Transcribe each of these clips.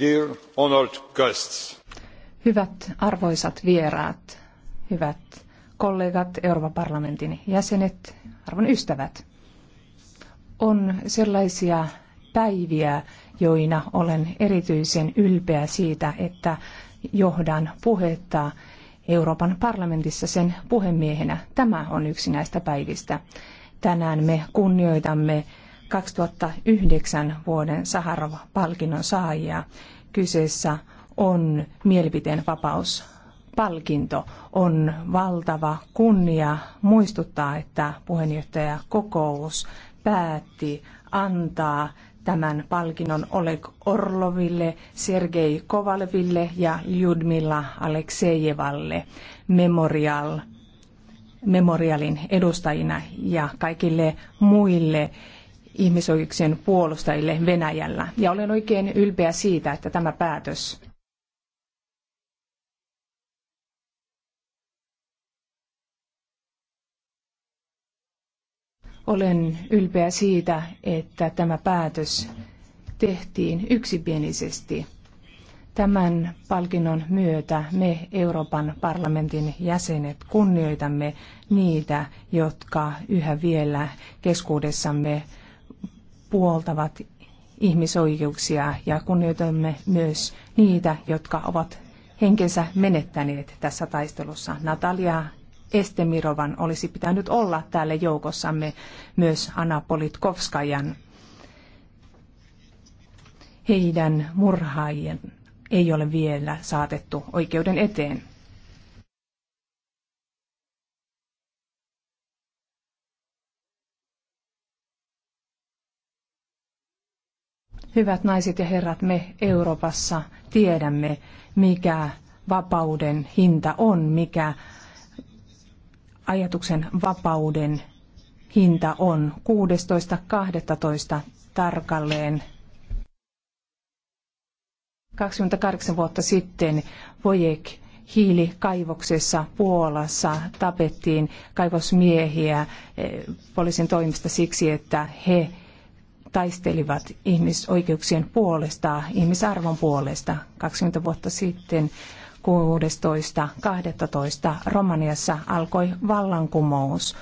Dear honored guests. Hyvät arvoisat vieraat, hyvät kollegat, Euroopan parlamentin jäsenet, arvon ystävät. On sellaisia päiviä, joina olen erityisen ylpeä siitä, että johdan puhetta Euroopan parlamentissa sen puhemiehenä. Tämä on yksi näistä päivistä. Tänään me kunnioitamme 2009 vuoden Saharov-palkinnon saajia. Kyseessä on mielipiteen vapaus palkinto on valtava kunnia muistuttaa, että Kokous päätti antaa tämän palkinnon Oleg Orloville, Sergei Kovalville ja Ljudmilla Aleksejevalle Memorial, Memorialin edustajina ja kaikille muille ihmisoikeuksien puolustajille Venäjällä. Ja olen oikein ylpeä siitä, että tämä päätös Olen ylpeä siitä, että tämä päätös tehtiin yksimielisesti. Tämän palkinnon myötä me Euroopan parlamentin jäsenet kunnioitamme niitä, jotka yhä vielä keskuudessamme puoltavat ihmisoikeuksia ja kunnioitamme myös niitä, jotka ovat henkensä menettäneet tässä taistelussa. Natalia Estemirovan olisi pitänyt olla täällä joukossamme myös Anna Politkovskajan. Heidän murhaajien ei ole vielä saatettu oikeuden eteen. Hyvät naiset ja herrat, me Euroopassa tiedämme, mikä vapauden hinta on, mikä ajatuksen vapauden hinta on 16.12. tarkalleen 28 vuotta sitten Vojek hiilikaivoksessa Puolassa tapettiin kaivosmiehiä eh, poliisin toimista siksi, että he taistelivat ihmisoikeuksien puolesta, ihmisarvon puolesta 20 vuotta sitten 16.12. Romaniassa alkoi vallankumous.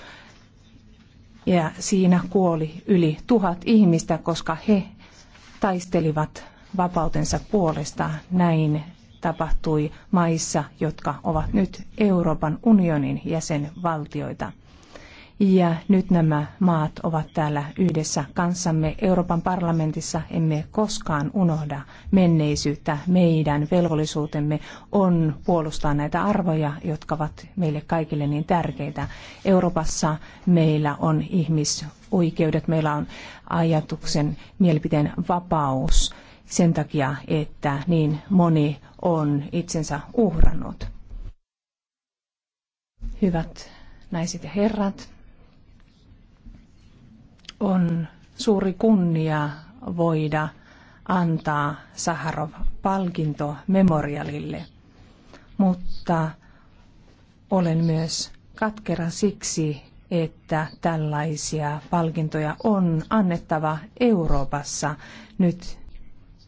Ja siinä kuoli yli tuhat ihmistä, koska he taistelivat vapautensa puolesta. Näin tapahtui maissa, jotka ovat nyt Euroopan unionin jäsenvaltioita. Ja nyt nämä maat ovat täällä yhdessä kanssamme Euroopan parlamentissa. Emme koskaan unohda menneisyyttä. Meidän velvollisuutemme on puolustaa näitä arvoja, jotka ovat meille kaikille niin tärkeitä. Euroopassa meillä on ihmisoikeudet, meillä on ajatuksen, mielipiteen vapaus sen takia, että niin moni on itsensä uhrannut. Hyvät naiset ja herrat, on suuri kunnia voida antaa Saharov-palkinto memorialille, mutta olen myös katkera siksi, että tällaisia palkintoja on annettava Euroopassa nyt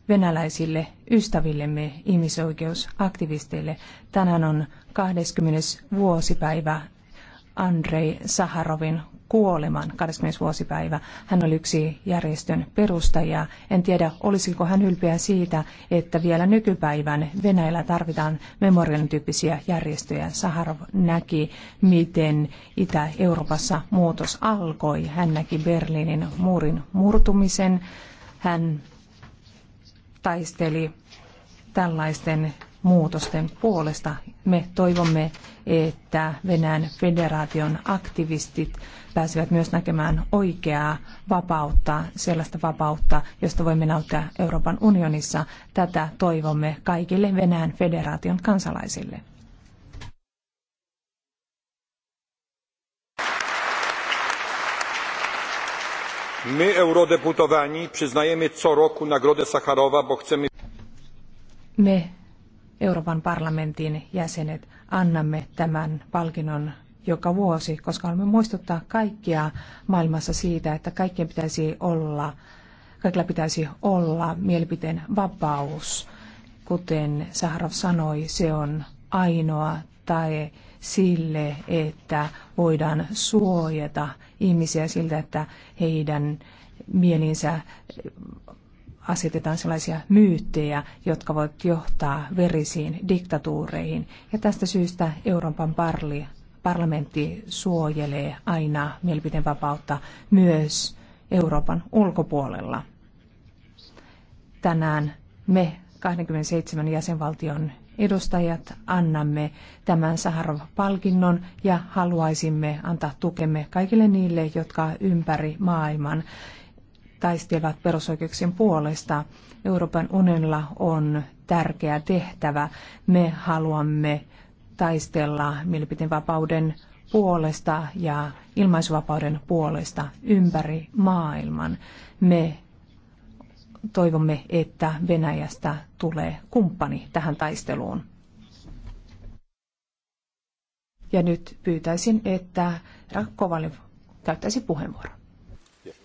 venäläisille ystävillemme ihmisoikeusaktivisteille. Tänään on 20. vuosipäivä Andrei Saharovin kuoleman 20. vuosipäivä. Hän oli yksi järjestön perustaja. En tiedä, olisiko hän ylpeä siitä, että vielä nykypäivän Venäjällä tarvitaan memorialin tyyppisiä järjestöjä. Saharov näki, miten Itä-Euroopassa muutos alkoi. Hän näki Berliinin muurin murtumisen. Hän taisteli tällaisten muutosten puolesta. Me toivomme, että Venäjän federaation aktivistit pääsevät myös näkemään oikeaa vapautta, sellaista vapautta, josta voimme nauttia Euroopan unionissa. Tätä toivomme kaikille Venäjän federaation kansalaisille. my eurodeputowani przyznajemy co roku nagrodę sacharowa bo chcemy. me Euroopan parlamentin jäsenet annamme tämän palkinnon joka vuosi, koska haluamme muistuttaa kaikkia maailmassa siitä, että kaikkien pitäisi olla, kaikilla pitäisi olla mielipiteen vapaus. Kuten Saharov sanoi, se on ainoa tae sille, että voidaan suojata ihmisiä siltä, että heidän mielinsä asetetaan sellaisia myyttejä, jotka voivat johtaa verisiin diktatuureihin. Ja tästä syystä Euroopan parli, parlamentti suojelee aina mielipiteenvapautta myös Euroopan ulkopuolella. Tänään me 27 jäsenvaltion edustajat annamme tämän Saharov-palkinnon ja haluaisimme antaa tukemme kaikille niille, jotka ympäri maailman taistelevat perusoikeuksien puolesta. Euroopan unionilla on tärkeä tehtävä. Me haluamme taistella mielipiteenvapauden puolesta ja ilmaisuvapauden puolesta ympäri maailman. Me toivomme, että Venäjästä tulee kumppani tähän taisteluun. Ja nyt pyytäisin, että Rakkovali käyttäisi puheenvuoron. Yeah,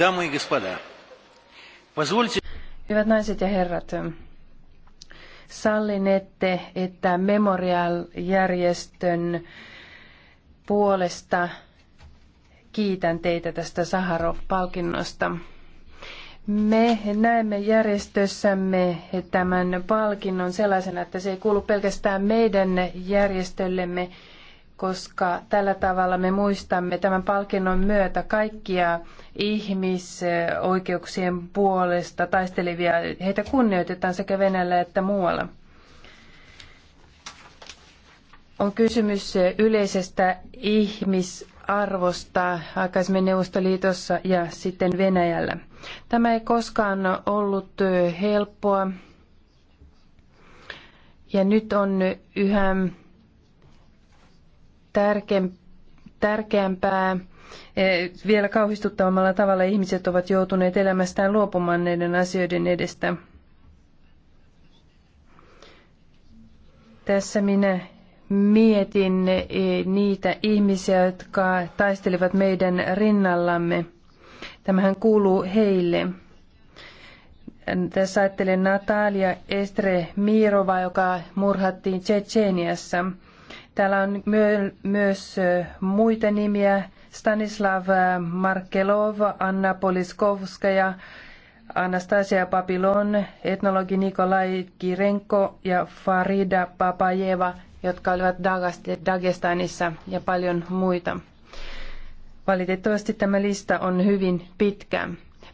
Дамы и господа, позвольте... Hyvät naiset ja herrat, sallinette, että Memorial-järjestön puolesta kiitän teitä tästä Saharov-palkinnosta. Me näemme järjestössämme tämän palkinnon sellaisena, että se ei kuulu pelkästään meidän järjestöllemme, koska tällä tavalla me muistamme tämän palkinnon myötä kaikkia ihmisoikeuksien puolesta taistelivia. Heitä kunnioitetaan sekä Venäjällä että muualla. On kysymys yleisestä ihmisarvosta aikaisemmin Neuvostoliitossa ja sitten Venäjällä. Tämä ei koskaan ollut helppoa. Ja nyt on yhä tärkeämpää. Eh, vielä kauhistuttavammalla tavalla ihmiset ovat joutuneet elämästään luopumaan näiden asioiden edestä. Tässä minä mietin eh, niitä ihmisiä, jotka taistelivat meidän rinnallamme. Tämähän kuuluu heille. Tässä ajattelen Natalia Estre Mirova, joka murhattiin Tsetseniassa. Täällä on myö- myös muita nimiä. Stanislav Markelov, Anna Poliskovskaja, Anastasia Papilon, etnologi Nikolai Kirenko ja Farida Papajeva, jotka olivat Dagestanissa ja paljon muita. Valitettavasti tämä lista on hyvin pitkä.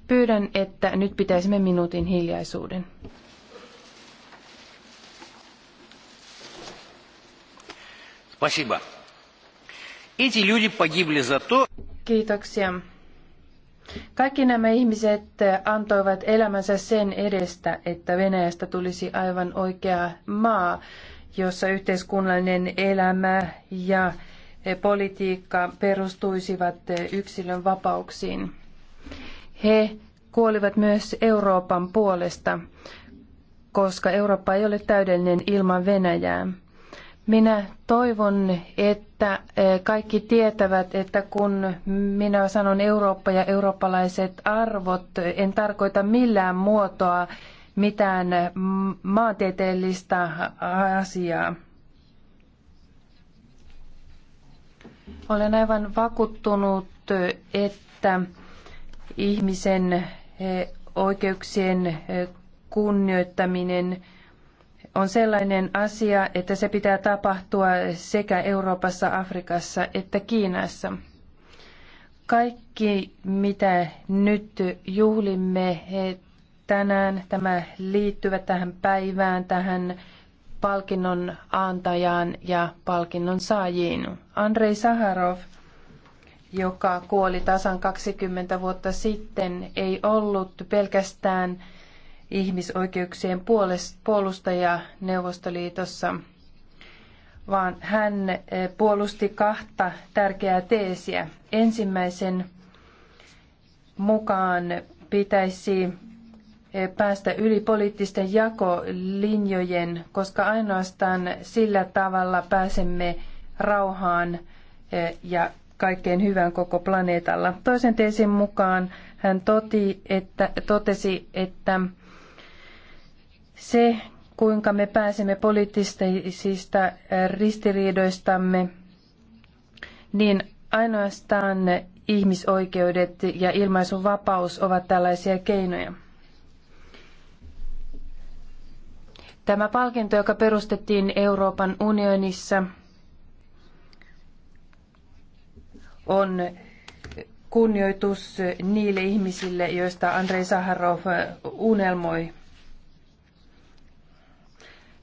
Pyydän, että nyt pitäisimme minuutin hiljaisuuden. Спасибо. Эти люди погибли за то... Kiitoksia. Kaikki nämä ihmiset eh, antoivat elämänsä sen edestä, että Venäjästä tulisi aivan oikea maa, jossa yhteiskunnallinen elämä ja eh, politiikka perustuisivat eh, yksilön vapauksiin. He kuolivat myös Euroopan puolesta, koska Eurooppa ei ole täydellinen ilman Venäjää. Minä toivon, että eh, kaikki tietävät, että kun minä sanon Eurooppa ja eurooppalaiset arvot, en tarkoita millään muotoa mitään maantieteellistä asiaa. Olen aivan vakuttunut, että ihmisen eh, oikeuksien eh, kunnioittaminen – on sellainen asia, että se pitää tapahtua sekä Euroopassa, Afrikassa että Kiinassa. Kaikki, mitä nyt juhlimme tänään, tämä liittyvät tähän päivään, tähän palkinnon antajaan ja palkinnon saajiin. Andrei Saharov, joka kuoli tasan 20 vuotta sitten, ei ollut pelkästään ihmisoikeuksien puolustaja Neuvostoliitossa, vaan hän eh, puolusti kahta tärkeää teesiä. Ensimmäisen mukaan pitäisi eh, päästä yli poliittisten jakolinjojen, koska ainoastaan sillä tavalla pääsemme rauhaan eh, ja kaikkeen hyvään koko planeetalla. Toisen teesin mukaan hän toti, että, totesi, että se, kuinka me pääsemme poliittisista eh, ristiriidoistamme, niin ainoastaan ihmisoikeudet ja ilmaisunvapaus ovat tällaisia keinoja. Tämä palkinto, joka perustettiin Euroopan unionissa, on kunnioitus niille ihmisille, joista Andrei Saharov unelmoi.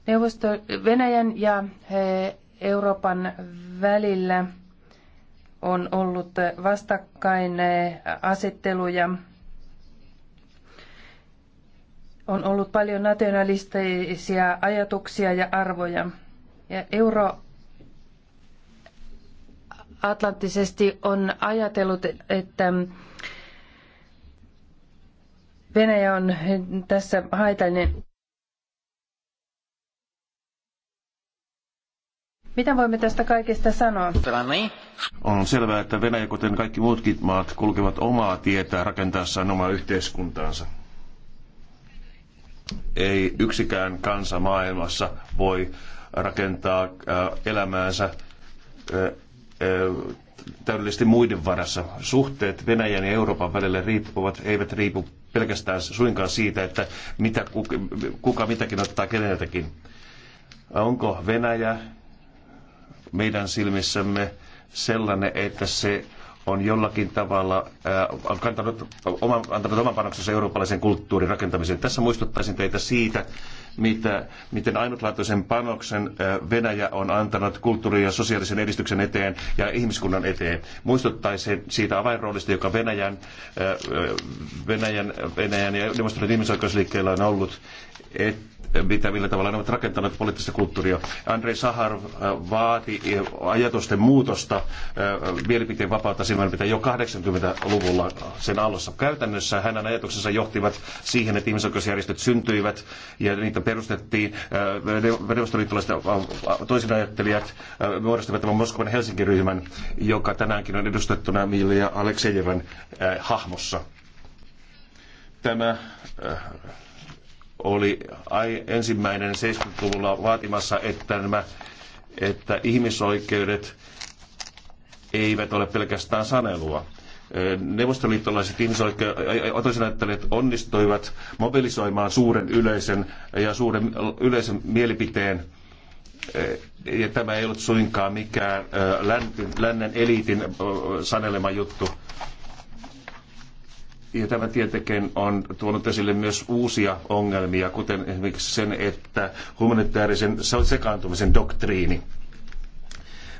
Neuvosto Venäjän ja eh, Euroopan välillä on ollut eh, vastakkain eh, asetteluja. On ollut paljon nationalistisia ajatuksia ja arvoja. Ja euro atlanttisesti on ajatellut, että Venäjä on tässä haitallinen. Mitä voimme tästä kaikesta sanoa? On selvää, että Venäjä, kuten kaikki muutkin maat, kulkevat omaa tietää rakentaessaan omaa yhteiskuntaansa. Ei yksikään kansa maailmassa voi rakentaa äh, elämäänsä äh, äh, täydellisesti muiden varassa. Suhteet Venäjän ja Euroopan välillä riippuvat, eivät riipu pelkästään suinkaan siitä, että mitä, kuka mitäkin ottaa keneltäkin. Onko Venäjä meidän silmissämme sellainen, että se on jollakin tavalla äh, kantanut, oma, antanut oman panoksensa eurooppalaisen kulttuurin rakentamiseen. Tässä muistuttaisin teitä siitä, mitä, miten ainutlaatuisen panoksen äh, Venäjä on antanut kulttuurin ja sosiaalisen edistyksen eteen ja ihmiskunnan eteen. Muistuttaisin siitä avainroolista, joka Venäjän, äh, äh Venäjän, Venäjän ja demonstraatioiden ihmisoikeusliikkeellä on ollut et mitä, millä tavalla ne ovat rakentaneet poliittista kulttuuria. Andrei Sahar äh, vaati ajatusten muutosta, äh, mielipiteen vapautta mitä jo 80-luvulla sen alussa. Käytännössä hänen ajatuksensa johtivat siihen, että ihmisoikeusjärjestöt syntyivät ja niitä perustettiin. Äh, neuvostoliittolaiset toisinajattelijat muodostivat tämän Moskovan Helsingin ryhmän, joka tänäänkin on edustettuna Milja Aleksejevan hahmossa. Tämä oli ensimmäinen 70-luvulla vaatimassa, että, nämä, että ihmisoikeudet eivät ole pelkästään sanelua. Neuvostoliittolaiset ihmisoikeusnäyttelijät onnistuivat mobilisoimaan suuren yleisen ja suuren yleisen mielipiteen ja tämä ei ollut suinkaan mikään lännen eliitin sanelema juttu. Ja tämä tietenkin on tuonut esille myös uusia ongelmia, kuten esimerkiksi sen, että humanitaarisen sekaantumisen doktriini.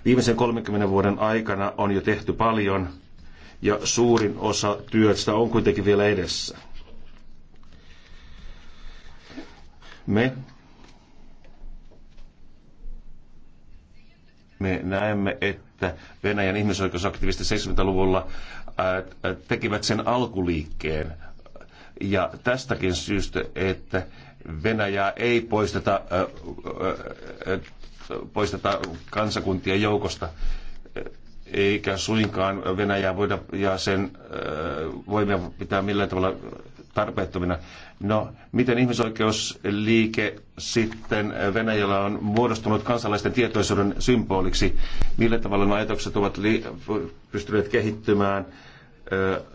Viimeisen 30 vuoden aikana on jo tehty paljon ja suurin osa työstä on kuitenkin vielä edessä. Me me näemme, että Venäjän ihmisoikeusaktivistit 70-luvulla tekivät sen alkuliikkeen. Ja tästäkin syystä, että Venäjää ei poisteta, poisteta kansakuntien joukosta eikä suinkaan Venäjää voida ja sen voimia pitää millään tavalla tarpeettomina. No, miten ihmisoikeusliike sitten Venäjällä on muodostunut kansalaisten tietoisuuden symboliksi? Millä tavalla nämä ajatukset ovat pystyneet kehittymään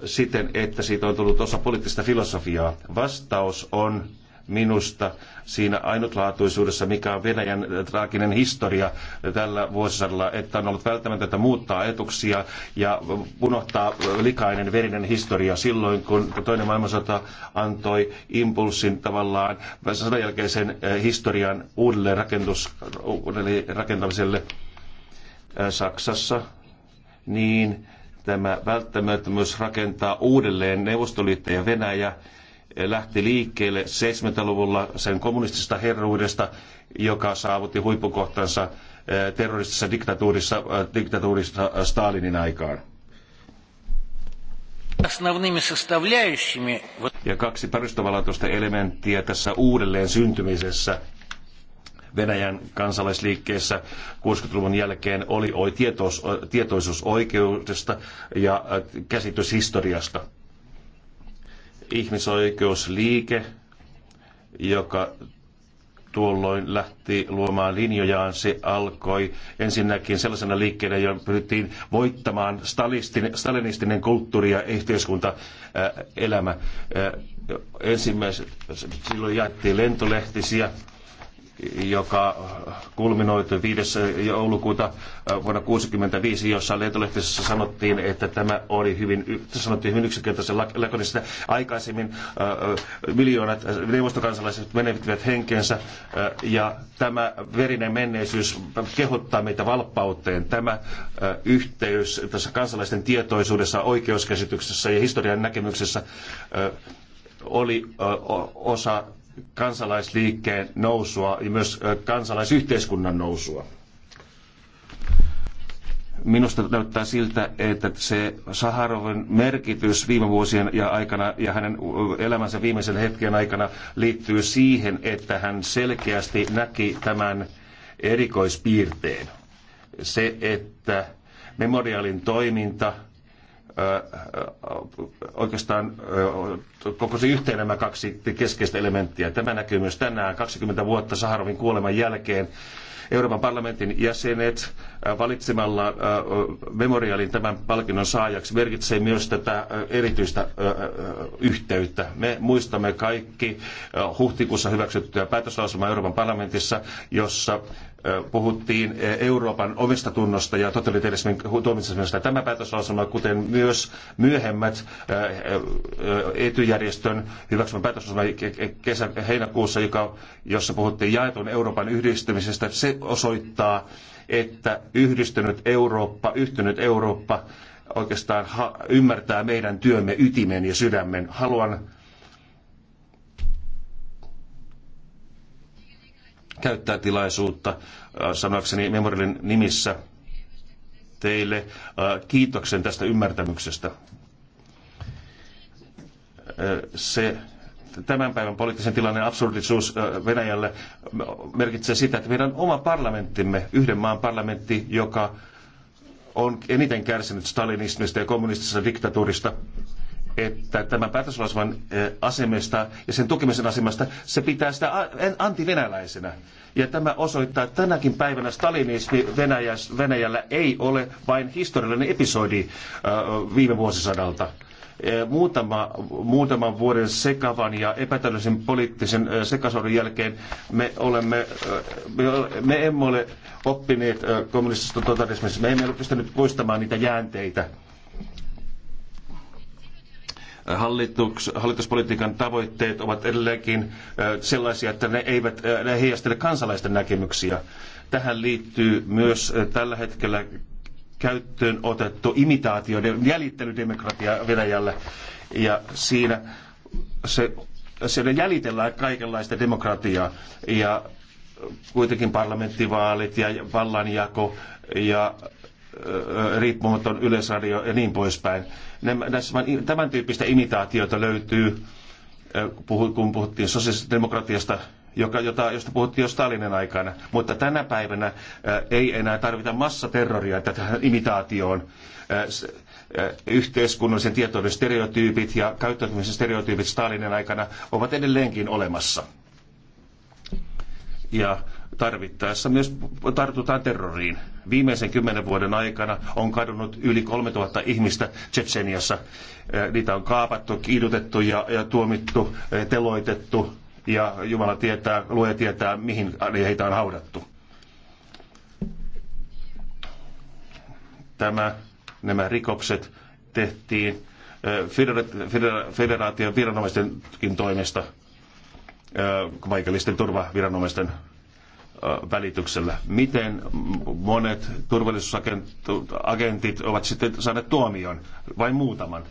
siten, että siitä on tullut osa poliittista filosofiaa? Vastaus on minusta siinä ainutlaatuisuudessa, mikä on Venäjän traaginen historia tällä vuosisadalla, että on ollut välttämätöntä muuttaa etuksia ja unohtaa likainen verinen historia silloin, kun toinen maailmansota antoi impulssin tavallaan sodan jälkeisen eh, historian uudelle rakentus, uudelleen rakentamiselle eh, Saksassa, niin tämä välttämättömyys rakentaa uudelleen Neuvostoliitto ja Venäjä lähti liikkeelle 70-luvulla sen kommunistisesta herruudesta, joka saavutti huippukohtansa eh, terroristisessa diktatuurissa, eh, diktatuurissa Stalinin aikaan. Ja kaksi perustavanlaatuista elementtiä tässä uudelleen syntymisessä Venäjän kansalaisliikkeessä 60-luvun jälkeen oli tietoisuus oikeudesta ja eh, käsitys historiasta ihmisoikeusliike, joka tuolloin lähti luomaan linjojaan. Se alkoi ensinnäkin sellaisena liikkeenä, jolla pyrittiin voittamaan stalinistinen kulttuuri ja yhteiskuntaelämä. Ensimmäiset, silloin jaettiin lentolehtisiä joka kulminoitui 5. joulukuuta äh, vuonna 1965, jossa lentolehtisessä sanottiin, että tämä oli hyvin, sanottiin hyvin yksinkertaisen lakonista. Aikaisemmin äh, äh, miljoonat neuvostokansalaiset menettivät henkensä ja tämä verinen menneisyys kehottaa meitä valppauteen. Tämä yhteys tässä kansalaisten tietoisuudessa, oikeuskäsityksessä ja historian näkemyksessä oli osa kansalaisliikkeen nousua ja myös kansalaisyhteiskunnan nousua. Minusta näyttää siltä, että se Saharovin merkitys viime vuosien ja aikana ja hänen elämänsä viimeisen hetken aikana liittyy siihen, että hän selkeästi näki tämän erikoispiirteen. Se, että memorialin toiminta – oikeastaan se yhteen nämä kaksi keskeistä elementtiä. Tämä näkyy myös tänään 20 vuotta Saharovin kuoleman jälkeen. Euroopan parlamentin jäsenet valitsemalla memoriaalin tämän palkinnon saajaksi merkitsee myös tätä erityistä yhteyttä. Me muistamme kaikki huhtikuussa hyväksyttyä päätöslauselmaa Euroopan parlamentissa, jossa puhuttiin Euroopan omista tunnosta ja totalitarismin tuomitsemisesta. Tämä päätöslauselma, kuten myös myöhemmät etujärjestön hyväksymä päätöslauselma kesä, heinäkuussa, joka, jossa puhuttiin jaetun Euroopan yhdistymisestä, se osoittaa, että yhdistynyt Eurooppa, yhtynyt Eurooppa oikeastaan ymmärtää meidän työmme ytimen ja sydämen. Haluan käyttää tilaisuutta äh, sanoakseni Memorialin nimissä teille äh, kiitoksen tästä ymmärtämyksestä. Äh, se tämän päivän poliittisen tilanne absurdisuus Venäjälle merkitsee sitä, että meidän oma parlamenttimme, yhden maan parlamentti, joka on eniten kärsinyt stalinismista ja kommunistisesta diktatuurista, että tämä päätöslauselman eh, asemesta ja sen tukemisen asemasta se pitää sitä antivenäläisenä. Ja tämä osoittaa, että tänäkin päivänä stalinismi Venäjäs, Venäjällä ei ole vain historiallinen episodi viime vuosisadalta. E, muutama, muutaman vuoden sekavan ja epätäydellisen poliittisen sekasorron jälkeen me, olemme, me, emme ole oppineet kommunistisesta totalismista. Me emme ole pystyneet poistamaan niitä jäänteitä hallituspolitiikan tavoitteet ovat edelleenkin sellaisia, että ne eivät ne heijastele kansalaisten näkemyksiä. Tähän liittyy myös tällä hetkellä käyttöön otettu imitaatioiden jäljittelydemokratia Venäjällä. Ja siinä se, siellä jäljitellään kaikenlaista demokratiaa. Ja kuitenkin parlamenttivaalit ja vallanjako ja riippumaton yleisradio ja niin poispäin. Tämän tyyppistä imitaatiota löytyy, kun puhuttiin sosiaalisesta demokratiasta, joka, jota, josta puhuttiin jo Stalinin aikana. Mutta tänä päivänä ei enää tarvita massaterroria tähän imitaatioon. Yhteiskunnallisen tietoiden stereotyypit ja käyttäytymisen stereotyypit Stalinin aikana ovat edelleenkin olemassa. Ja Tarvittaessa myös tartutaan terroriin. Viimeisen kymmenen vuoden aikana on kadonnut yli 3000 ihmistä Tsetseniassa. Äh, niitä on kaapattu, kiidutettu ja, ja tuomittu, äh, teloitettu ja Jumala tietää, luoja tietää, mihin heitä on haudattu. Tämä, nämä rikokset tehtiin äh, federaation viranomaistenkin toimesta, paikallisten turvaviranomaisten välityksellä. Miten monet turvallisuusagentit ovat sitten saaneet tuomion, vain muutaman?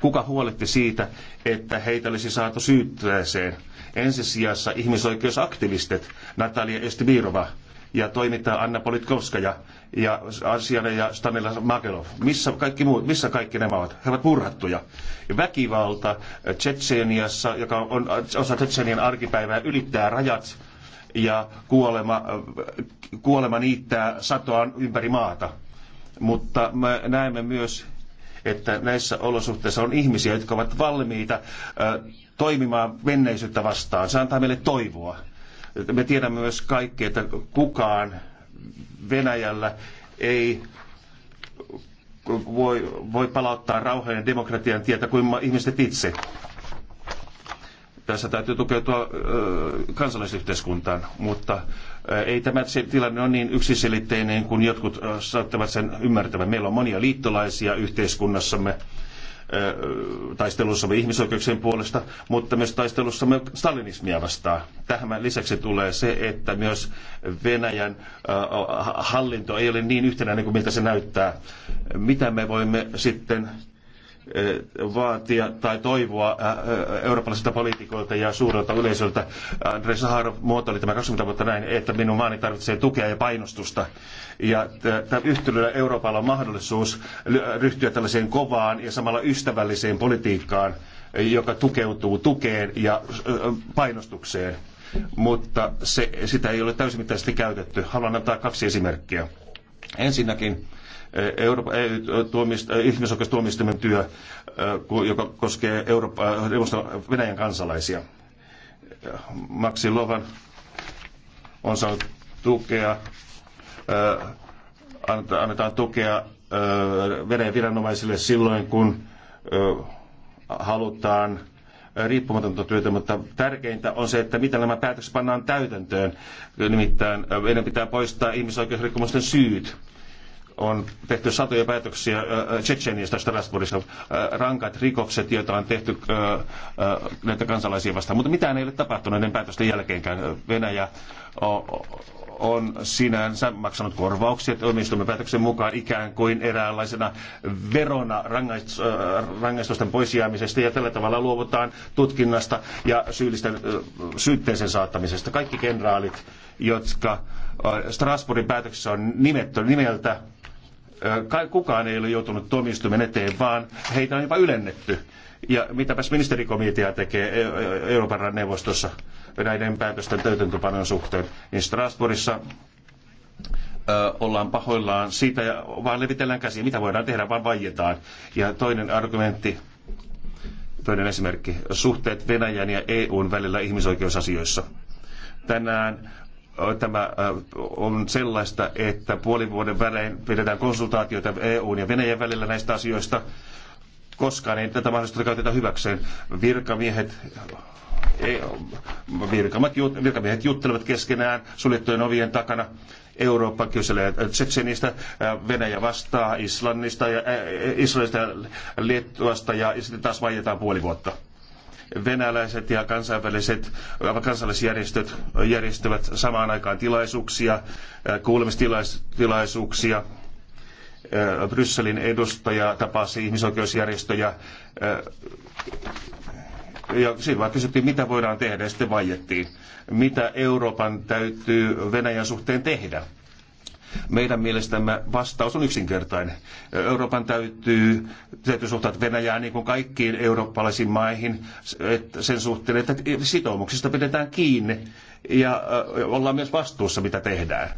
Kuka huolehti siitä, että heitä olisi saatu syytteeseen? Ensisijassa ihmisoikeusaktivistit Natalia Estivirova ja toimittaja Anna Politkovskaja ja Asiana ja Stanilas Makelov. Missä kaikki, muut, missä kaikki nämä ovat? He ovat murhattuja. väkivalta Tsetseeniassa, joka on osa Tsetsenien arkipäivää, ylittää rajat ja kuolema, kuolema niittää satoa ympäri maata. Mutta me näemme myös, että näissä olosuhteissa on ihmisiä, jotka ovat valmiita toimimaan menneisyyttä vastaan. Se antaa meille toivoa. Me tiedämme myös kaikki, että kukaan Venäjällä ei voi, voi palauttaa rauhan ja demokratian tietä kuin ihmiset itse. Tässä täytyy tukeutua kansalaisyhteiskuntaan, mutta ei tämä tilanne ole niin yksiselitteinen kuin jotkut saattavat sen ymmärtävän. Meillä on monia liittolaisia yhteiskunnassamme taistelussamme ihmisoikeuksien puolesta, mutta myös taistelussamme stalinismia vastaan. Tähän lisäksi tulee se, että myös Venäjän hallinto ei ole niin yhtenäinen kuin miltä se näyttää. Mitä me voimme sitten Eh, vaatia tai toivoa eurooppalaisilta poliitikoilta ja suurelta yleisöltä. Andrei Saharov muotoili tämä 20 vuotta näin, että minun maani tarvitsee tukea ja painostusta. Ja tämä yhtälöllä Euroopalla on mahdollisuus ryhtyä tällaiseen kovaan ja samalla ystävälliseen politiikkaan, joka tukeutuu tukeen ja painostukseen. Mutta se, sitä ei ole täysimittaisesti käytetty. Haluan antaa kaksi esimerkkiä. Ensinnäkin Euroopan ihmisoikeustuomioistuimen työ, joka koskee Euroopan, Venäjän kansalaisia. Maxi Lovan on saanut tukea, annetaan tukea Venäjän viranomaisille silloin, kun halutaan riippumatonta työtä, mutta tärkeintä on se, että miten nämä päätökset pannaan täytäntöön. Nimittäin meidän pitää poistaa ihmisoikeusrikkomusten syyt on tehty satoja päätöksiä Tsetseniasta Strasbourgissa, rankat rikokset, joita on tehty näitä kansalaisia vastaan, mutta mitään ei ole tapahtunut näiden päätösten jälkeenkään. Venäjä on sinänsä maksanut korvauksia tuomioistuimen päätöksen mukaan ikään kuin eräänlaisena verona rangaistusten poisjäämisestä ja tällä tavalla luovutaan tutkinnasta ja syyllisten, syytteeseen saattamisesta. Kaikki kenraalit, jotka Strasbourgin päätöksessä on nimetty nimeltä, kukaan ei ole joutunut tuomioistuimen eteen, vaan heitä on jopa ylennetty. Ja mitäpäs ministerikomitea tekee e- e- Euroopan neuvostossa näiden päätösten täytäntöpanon suhteen, niin Strasbourgissa ollaan pahoillaan siitä ja vaan levitellään käsiä, mitä voidaan tehdä, vaan vaietaan. Ja toinen argumentti, toinen esimerkki, suhteet Venäjän ja EUn välillä ihmisoikeusasioissa. Tänään tämä on sellaista, että puolen vuoden välein pidetään konsultaatioita EUn ja Venäjän välillä näistä asioista. Koskaan ei tätä mahdollisuutta käytetä hyväkseen. Virkamiehet e, virkamat, virkamiehet juttelevat keskenään suljettujen ovien takana. Eurooppa kyselee Tsetsenistä, Venäjä vastaa Islannista ja, Islannista ja Liettuasta ja sitten taas vaietaan puoli vuotta venäläiset ja kansainväliset äh, kansalaisjärjestöt äh, järjestävät samaan aikaan tilaisuuksia, äh, kuulemistilaisuuksia. Brysselin edustaja tapasi ihmisoikeusjärjestöjä ja siinä vaan kysyttiin, mitä voidaan tehdä, ja sitten vaiettiin. Mitä Euroopan täytyy Venäjän suhteen tehdä? Meidän mielestämme vastaus on yksinkertainen. Euroopan täytyy, täytyy suhtautua Venäjään niin kuin kaikkiin eurooppalaisiin maihin sen suhteen, että sitoumuksista pidetään kiinni ja ollaan myös vastuussa, mitä tehdään.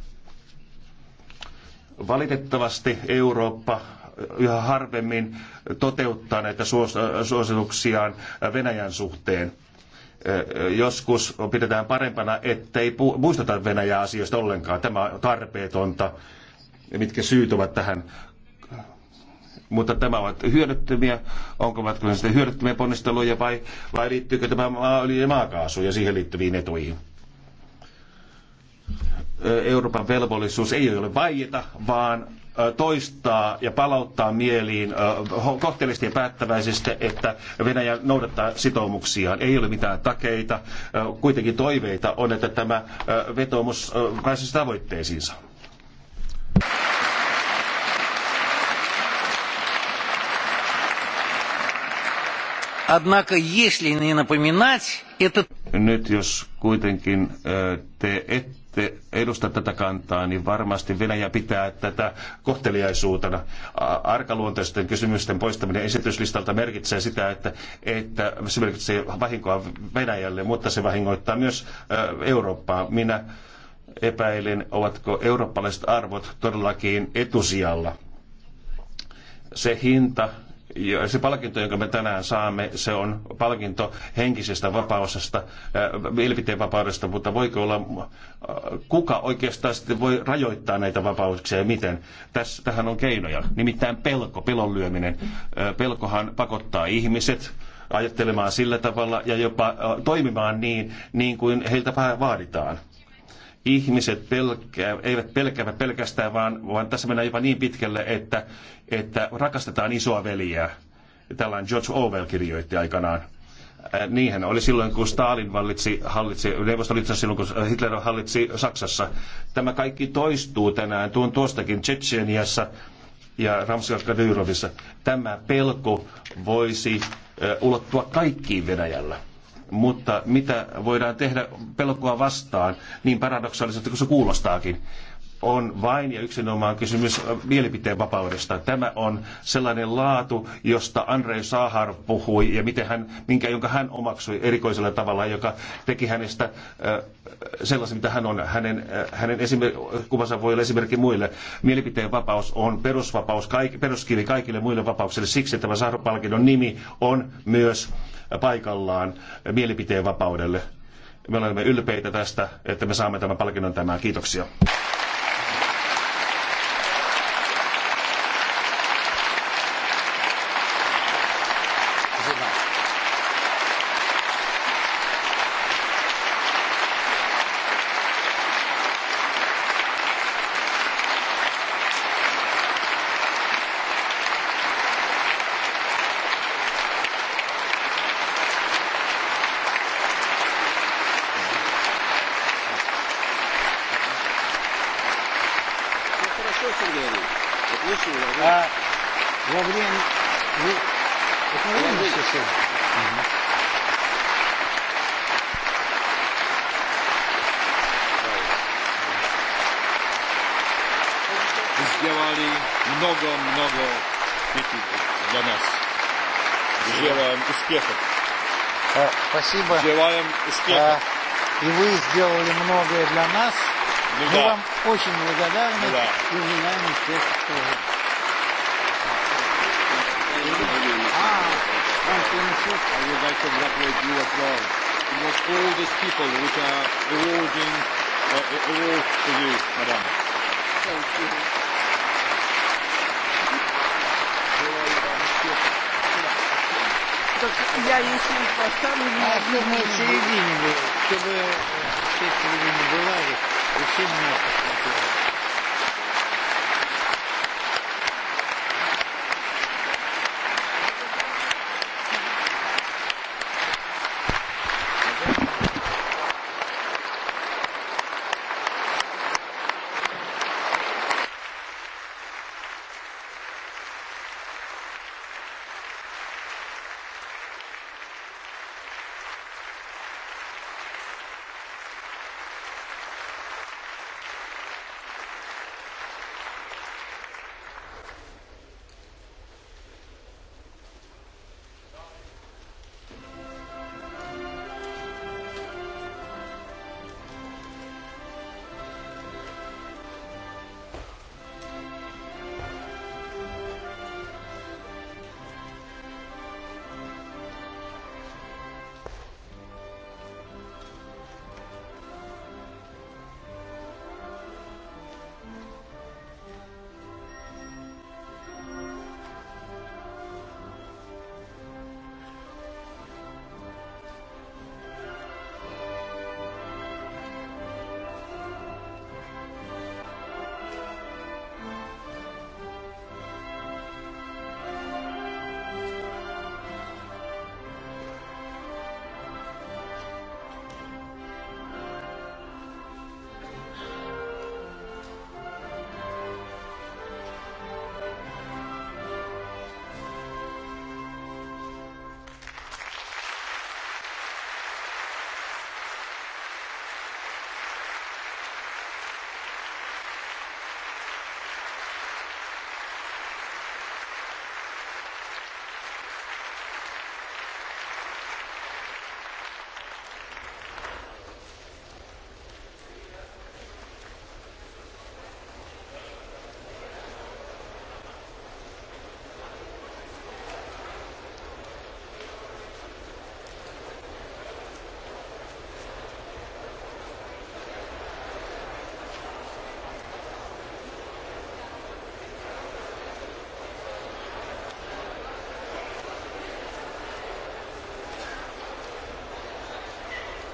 Valitettavasti Eurooppa yhä harvemmin toteuttaa näitä suosituksiaan Venäjän suhteen joskus pidetään parempana, ettei muisteta Venäjää asioista ollenkaan. Tämä on tarpeetonta, mitkä syyt ovat tähän. Mutta tämä ovat hyödyttömiä, onko ne sitten hyödyttömiä ponnisteluja vai, vai liittyykö tämä maaöljy ja maakaasu ja siihen liittyviin etuihin? Euroopan velvollisuus ei ole vaieta, vaan toistaa ja palauttaa mieliin kohtelisti ja päättäväisesti, että Venäjä noudattaa sitoumuksiaan. Ei ole mitään takeita. Kuitenkin toiveita on, että tämä vetoomus pääsisi tavoitteisiinsa. Однако, если не напоминать, это... Nyt jos kuitenkin te ette edusta tätä kantaa, niin varmasti Venäjä pitää tätä kohteliaisuutena. arkaluonteisten kysymysten poistaminen esityslistalta merkitsee sitä, että, että se merkitsee vahinkoa Venäjälle, mutta se vahingoittaa myös Eurooppaa. Minä epäilen, ovatko eurooppalaiset arvot todellakin etusijalla. Se hinta, se palkinto, jonka me tänään saamme, se on palkinto henkisestä vapaudesta, äh, mielipiteen vapaudesta, mutta voiko olla, äh, kuka oikeastaan sitten voi rajoittaa näitä vapauksia ja miten? Tässä, tähän on keinoja. Nimittäin pelko, pelon lyöminen. Äh, pelkohan pakottaa ihmiset ajattelemaan sillä tavalla ja jopa toimimaan niin, niin kuin heiltä vaaditaan ihmiset pelkää, eivät pelkää pelkästään, vaan, vaan tässä mennään jopa niin pitkälle, että, että rakastetaan isoa veliä. Tällainen George Orwell kirjoitti aikanaan. Äh, niinhän oli silloin, kun Stalin vallitsi, hallitsi Neuvostoliitossa, silloin kun Hitler hallitsi Saksassa. Tämä kaikki toistuu tänään tuon tuostakin Tsetseniassa ja Ramskas Kadyrovissa. Tämä pelko voisi äh, ulottua kaikkiin Venäjällä mutta mitä voidaan tehdä pelkoa vastaan, niin paradoksaaliselta kuin se kuulostaakin, on vain ja yksinomaan kysymys mielipiteen vapaudesta. Tämä on sellainen laatu, josta Andrei Sahar puhui ja miten hän, minkä, jonka hän omaksui erikoisella tavalla, joka teki hänestä äh, sellaisen, mitä hän on. Hänen, äh, hänen esimer- kuvansa voi olla esimerkki muille. Mielipiteen vapaus on perusvapaus, kaik- peruskivi kaikille muille vapauksille. Siksi tämä Sahar-palkinnon nimi on myös paikallaan mielipiteen vapaudelle. Me olemme ylpeitä tästä, että me saamme tämän palkinnon tänään. Kiitoksia. спасибо. Желаем успеха. Э, и вы сделали многое для нас. Ну, Мы да. вам очень благодарны да. и желаем успехов тоже. I would like to congratulate you as well. It was all these people which are awarding uh, awards to you, madam. Thank you. то я, если их поставлю, не А все на середине было, чтобы здесь не была, и все меня посмотрели.